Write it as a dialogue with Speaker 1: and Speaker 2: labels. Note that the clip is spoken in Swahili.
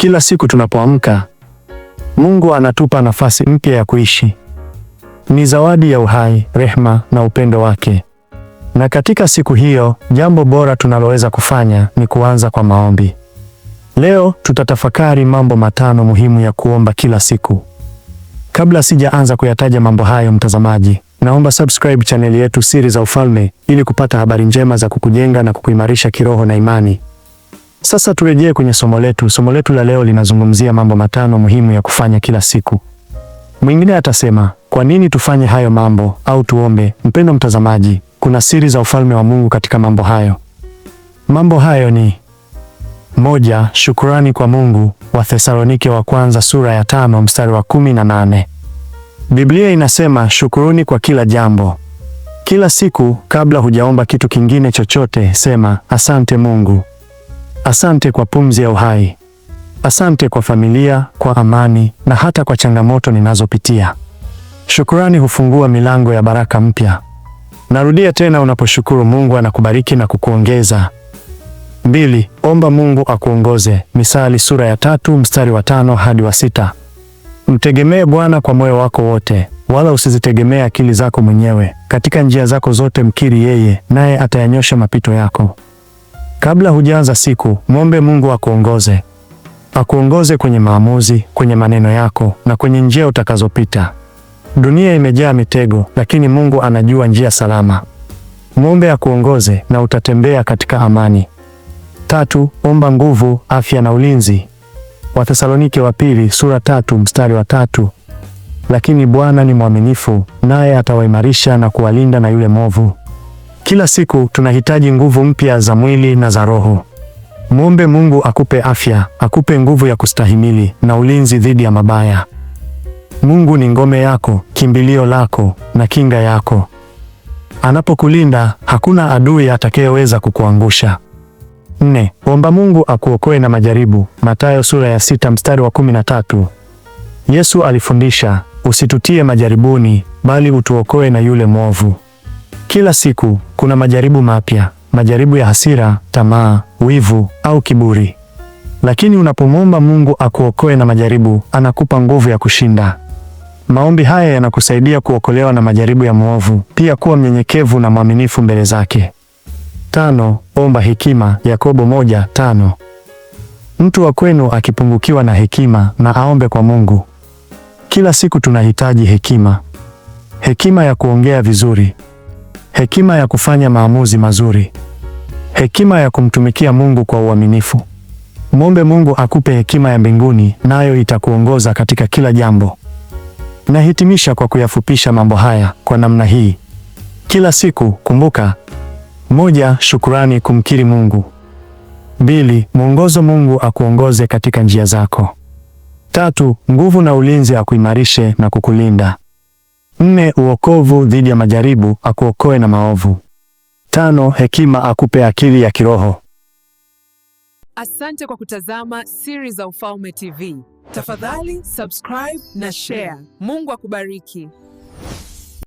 Speaker 1: Kila siku tunapoamka, Mungu anatupa nafasi mpya ya kuishi. Ni zawadi ya uhai, rehema na upendo wake. Na katika siku hiyo, jambo bora tunaloweza kufanya ni kuanza kwa maombi. Leo tutatafakari mambo matano muhimu ya kuomba kila siku. Kabla sijaanza kuyataja mambo hayo, mtazamaji, naomba subscribe chaneli yetu Siri za Ufalme ili kupata habari njema za kukujenga na kukuimarisha kiroho na imani. Sasa turejee kwenye somo letu. Somo letu la leo linazungumzia mambo matano muhimu ya kufanya kila siku. Mwingine atasema kwa nini tufanye hayo mambo au tuombe? Mpendo mtazamaji, kuna siri za ufalme wa Mungu katika mambo hayo. Mambo hayo ni moja, shukurani kwa Mungu. Wathesalonike wa kwanza sura ya tano mstari wa kumi na nane. Biblia inasema shukuruni kwa kila jambo. Kila siku kabla hujaomba kitu kingine chochote, sema asante Mungu Asante kwa pumzi ya uhai. Asante kwa familia, kwa amani na hata kwa changamoto ninazopitia. Shukrani hufungua milango ya baraka mpya. Narudia tena, unaposhukuru Mungu anakubariki na kukuongeza. Mbili, omba Mungu akuongoze. Misali sura ya tatu mstari wa tano hadi wa sita. Mtegemee Bwana kwa moyo wako wote, wala usizitegemee akili zako mwenyewe. Katika njia zako zote mkiri yeye, naye atayanyosha mapito yako. Kabla hujaanza siku, mwombe Mungu akuongoze, akuongoze kwenye maamuzi, kwenye maneno yako na kwenye njia utakazopita. Dunia imejaa mitego, lakini Mungu anajua njia salama. Mwombe akuongoze na utatembea katika amani. Tatu, omba nguvu, afya na ulinzi. Wathesalonike wa pili sura tatu mstari wa tatu. Lakini Bwana ni mwaminifu, naye atawaimarisha na kuwalinda na yule mwovu. Kila siku tunahitaji nguvu mpya za mwili na za roho. Mwombe Mungu akupe afya, akupe nguvu ya kustahimili na ulinzi dhidi ya mabaya. Mungu ni ngome yako, kimbilio lako na kinga yako. Anapokulinda, hakuna adui atakayeweza kukuangusha. Nne, omba Mungu akuokoe na majaribu. Mathayo sura ya sita mstari wa kumi na tatu. Yesu alifundisha, usitutie majaribuni, bali utuokoe na yule mwovu. Kila siku kuna majaribu mapya, majaribu ya hasira, tamaa, wivu au kiburi. Lakini unapomwomba Mungu akuokoe na majaribu, anakupa nguvu ya kushinda. Maombi haya yanakusaidia kuokolewa na majaribu ya mwovu, pia kuwa mnyenyekevu na mwaminifu mbele zake. Tano, omba hekima. Yakobo moja tano. Mtu wa kwenu akipungukiwa na hekima na aombe kwa Mungu. Kila siku tunahitaji hekima, hekima ya kuongea vizuri Hekima ya kufanya maamuzi mazuri. Hekima ya kumtumikia Mungu kwa uaminifu. Mwombe Mungu akupe hekima ya mbinguni, nayo itakuongoza katika kila jambo. Nahitimisha kwa kuyafupisha mambo haya kwa namna hii. Kila siku kumbuka: moja, shukurani, kumkiri Mungu; mbili, mwongozo, Mungu akuongoze katika njia zako; tatu, nguvu na ulinzi, akuimarishe na kukulinda. Nne, uokovu dhidi ya majaribu akuokoe na maovu. Tano, hekima akupe akili ya kiroho.
Speaker 2: Asante kwa kutazama siri za Ufalme TV. Tafadhali subscribe na share. Mungu akubariki.